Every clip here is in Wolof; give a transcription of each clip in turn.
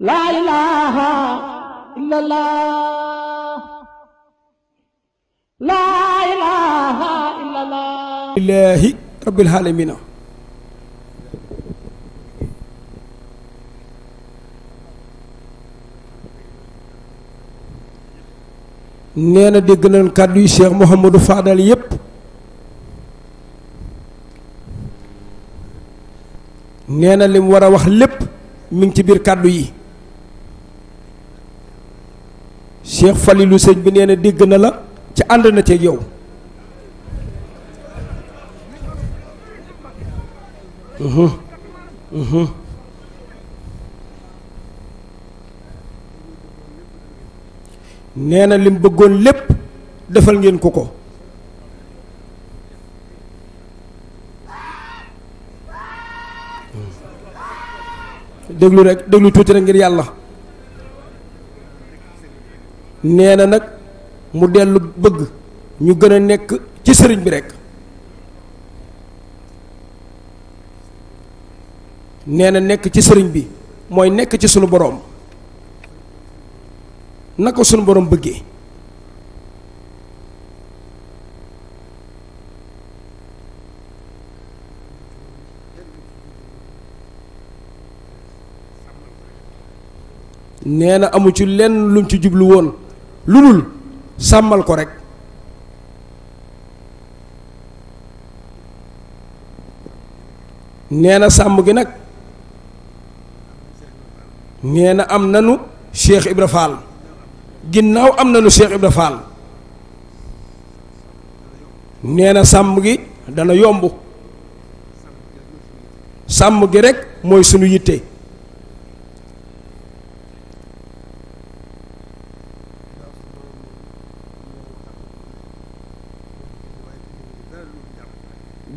laa ilaaha illallaah laa ilaaha illallaah lillaahi rabbil aalamiina nee dégg nañ kàddu yu Cheikh Mouhamadou Fadal yépp nee na lim war a wax lépp mi ngi ci biir kàddu yi Cheikh Falilou sëñ bi nee na dégg na la ci ànd na ceeg yow mhm. Mhm. nee lim bëggoon lépp defal ngeen ko ko déglu rek déglu tuuti rek ngir yàlla nee na nag mu dellu bëgg ñu gën a nekk ci sëriñ bi rekk nee na nekk ci sëriñ bi mooy nekk ci sunu boroom na ko sunu boroom bëggee nee na amu ci lenn lu ci jublu woon lu dul sàmmal ko rek nee na sàmm gi nag nee na am nanu Cheikh Ibra Fall ginnaaw am nanu Cheikh Ibra Fall nee na sàmm gi dana yomb sàmm gi rek mooy sunu yitte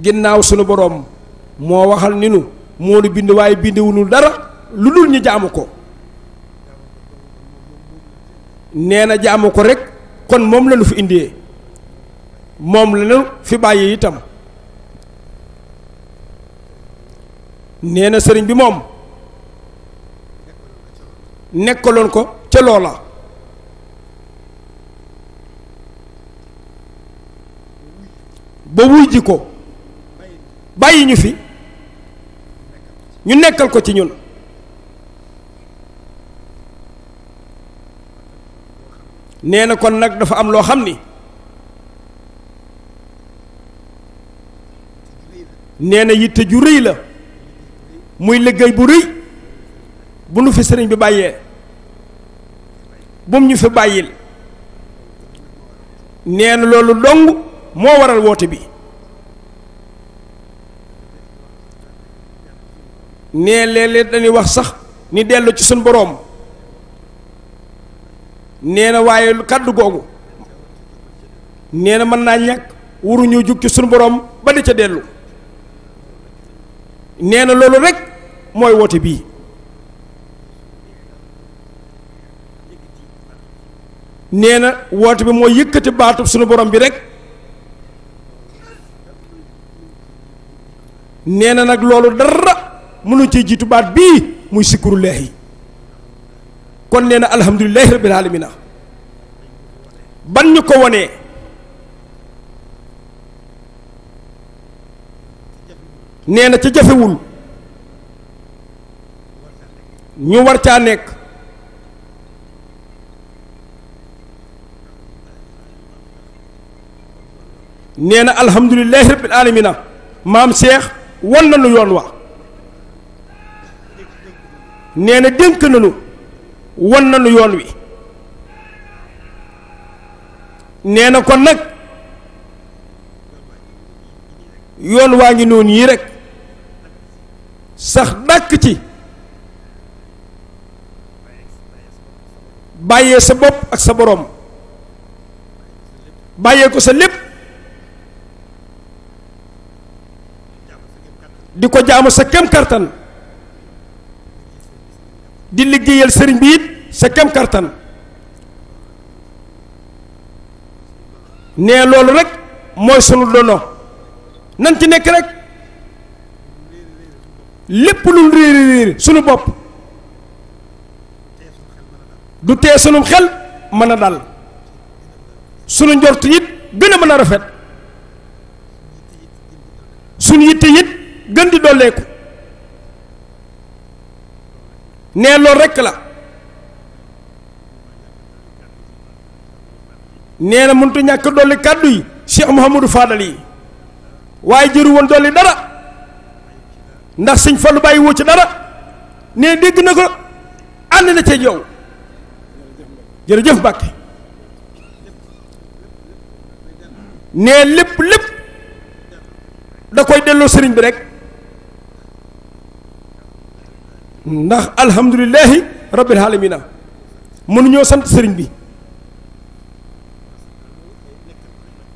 ginnaaw sunu boroom moo waxal ni nu moo nu bind waaye bindewunul dara lu dul ñu jaamu ko nee na jaamu ko rek kon moom lañu fi indee moom lañu fi bàyyi itam nee na sëriñ bi moom nekkaloon ko ca loola ba wuy ji ko bàyyi ñu fi ñu nekkal ko ci ñun nee na kon nag dafa am loo xam ni nee na yitte ju rëy la muy liggéey bu rëy bu nu fi sëriñ bi bàyyee bum ñu fi bàyyil nee na loolu dong moo waral woote bi nee léeg dañuy wax sax ni dellu ci suñ boroom nee na waaye kàddu googu nee na mën naa ñàkk waruñu jukk ci suñ boroom ba di ca dellu nee na loolu rek mooy woote bii nee na woote bi mooy yëkkati baatub suñu borom bi rek nee na nag loolu dara mënu ci jiitu baat bii muy sikkurullahi kon nee na alhamdulilahi rabbil ban ñu ko wonee nee na ca jafewul ñu war caa nekk nee na alhamdulilahi rabbil maam seex won na nu yoon wa nee na dénk nañu wan nañu yoon wi nee na ko nag yoon waa ngi noon yii rekk sax dàkk ci bàyyee sa bopp ak sa boroom bàyyee ko sa lépp di ko jaamu sa kem kartan di liggéeyal sëriñ bi it sa kem kartan nee loolu rek mooy sunu dono nan ci nekk rek lépp lu réeri réeri sunu bopp du tee sunum xel mën a dal sunu njortu it gën a mën a rafet sunu yitte it gën di dolleeku nee loolu rekk la nee na mënut a ñàkk dolli kàddu yi Cheikh Mouhamadou Fadal yi waaye jëru woon dolli dara ndax sëñ Fallu bàyyi woo ci dara nee dégg na ko ànd na ci yow jërëjëf Mbàkke nee lépp lépp da koy delloo sëriñ bi rek. ndax alhamdulilahi rabbil alamina mënuñoo sant sëriñ bi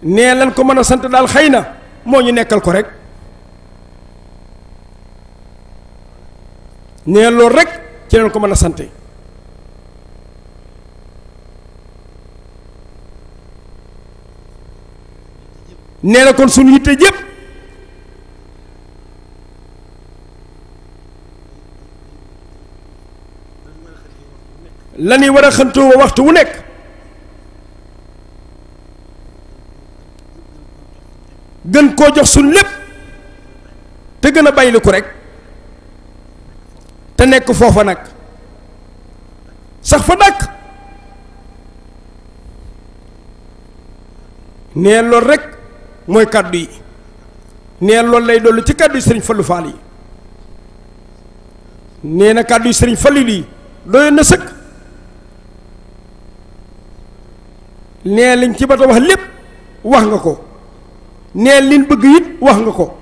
nee lan ko mën a sant daal xëy na moo ñu nekkal ko rek nee loolu rek ci leen ko mën a sante nee na kon suñu yitte yépp la ñuy war a xëntoo waxtu wu nekk gën koo jox suñ lépp te gën a ko rek te nekk foofa nag sax fa dàkk nee lool rek mooy kàddu yi nee lool lay dollu ci kàddu yi sëriñ Fallou Fall yi nee na kàddu yi sëriñ Fallou lii doyoon na sëkk nee liñ ci bata wax lépp wax nga ko nee liñ bëgg it wax nga ko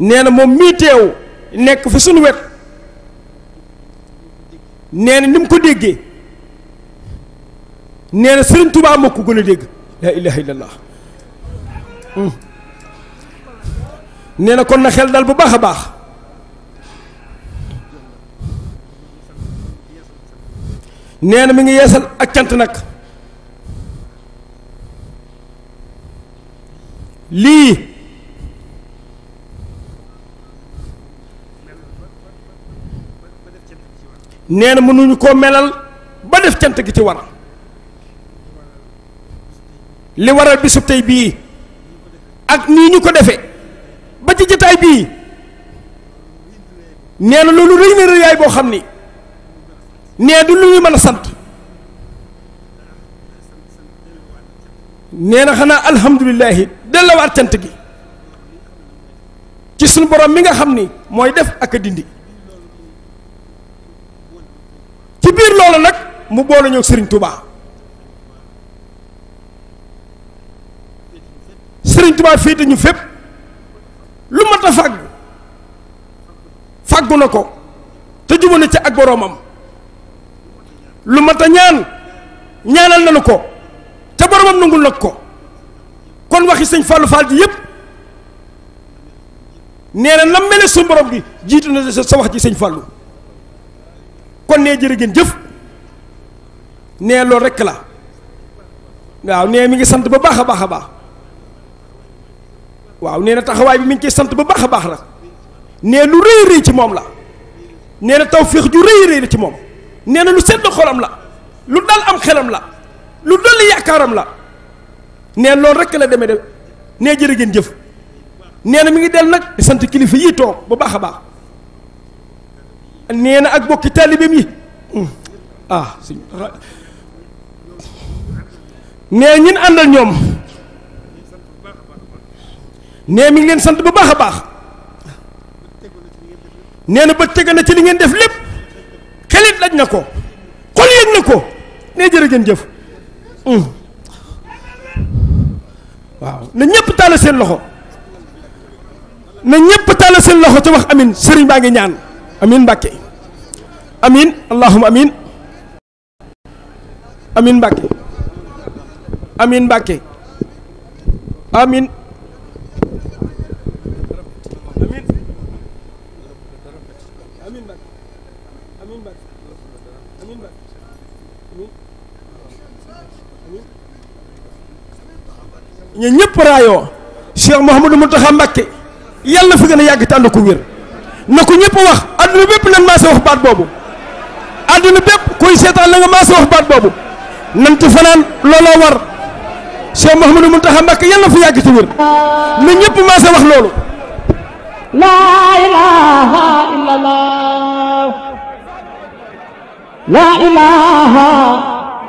nee na moom mii teew nekk fi suñu wet nee na ni mu ko déggee nee na sëriñ tubaa moo ko gën a dégg laa ilaha illallah hmm. nee na kon na xel dal bu baax a baax nee na mi ngi yeesal ak cant nag lii nee na mënuñu koo melal ba def cant gi ci war li waral bisub tey bii ak nii ñu ko defe ba ci jataay bii nee na loolu rëy na rëyaay boo xam ni nee du lu ñu mën a sant nee na xanaa alhamdulilahi dellowaat cant gi ci suñu borom mi nga xam ni mooy def ak a dindi ci biir loolu nag mu boole ñëw sëriñ tubaa sëriñ tubaa féete ñu fépp lu mat a fàggu fàggu na ko te jubóo na ci ak boroomam lu mat a ñaan ñaanal nañu ko te boromam nangul nag ko kon wax waxi sëñ Fallou Fall ji yépp nee na nam mele suñu borom gi jiitu na sa wax ji sëñ Fallou kon nee jërë ngeen jëf nee loolu rekk la waaw nee mi ngi sant ba baax a baax a baax waaw nee na taxawaay bi mi ngi koy sant ba baax a baax la nee lu rëy rëy ci moom la nee na tawféex ju rëy rëy la ci moom nee na lu sedd xolam la lu dal am xelam la lu dolli yaakaaram la neen loolu rekk la demee de nee jërë ngeen jëf nee na mi ngi del nag sant kilifa yii toog bu baax a baax nee na ak bokki taalibeem yi ah suñ nee ñin àndal ñoom nee mi ngi leen sant bu baax a baax nee na ba tega na ci li ngeen def lépp xelit lañ na ko xol yëg na ko ne jërë ngeen jëf hmm. waaw na ñëpp tàllal seen loxo na ñëpp tàllal seen loxo te wax amin sëriñ baa ngi ñaan amin mbàkke amin allahuma amin amin mbàkke amin mbàkke amin ñu ñëpp raayoo Cheikh Mouhamadou Mountakha Mbacké yàlla na gën a yàgg tànd ko wér na ko ñëpp wax adduna bépp nan maa wax baat boobu adduna bépp koy seetaan la nga maa wax baat boobu nan ci fanaan looloo war Cheikh Mouhamadou Mountakha Mbacké yàlla na yàgg ci wér na ñëpp maa wax loolu laa ilaaha illallaah laa ilaaha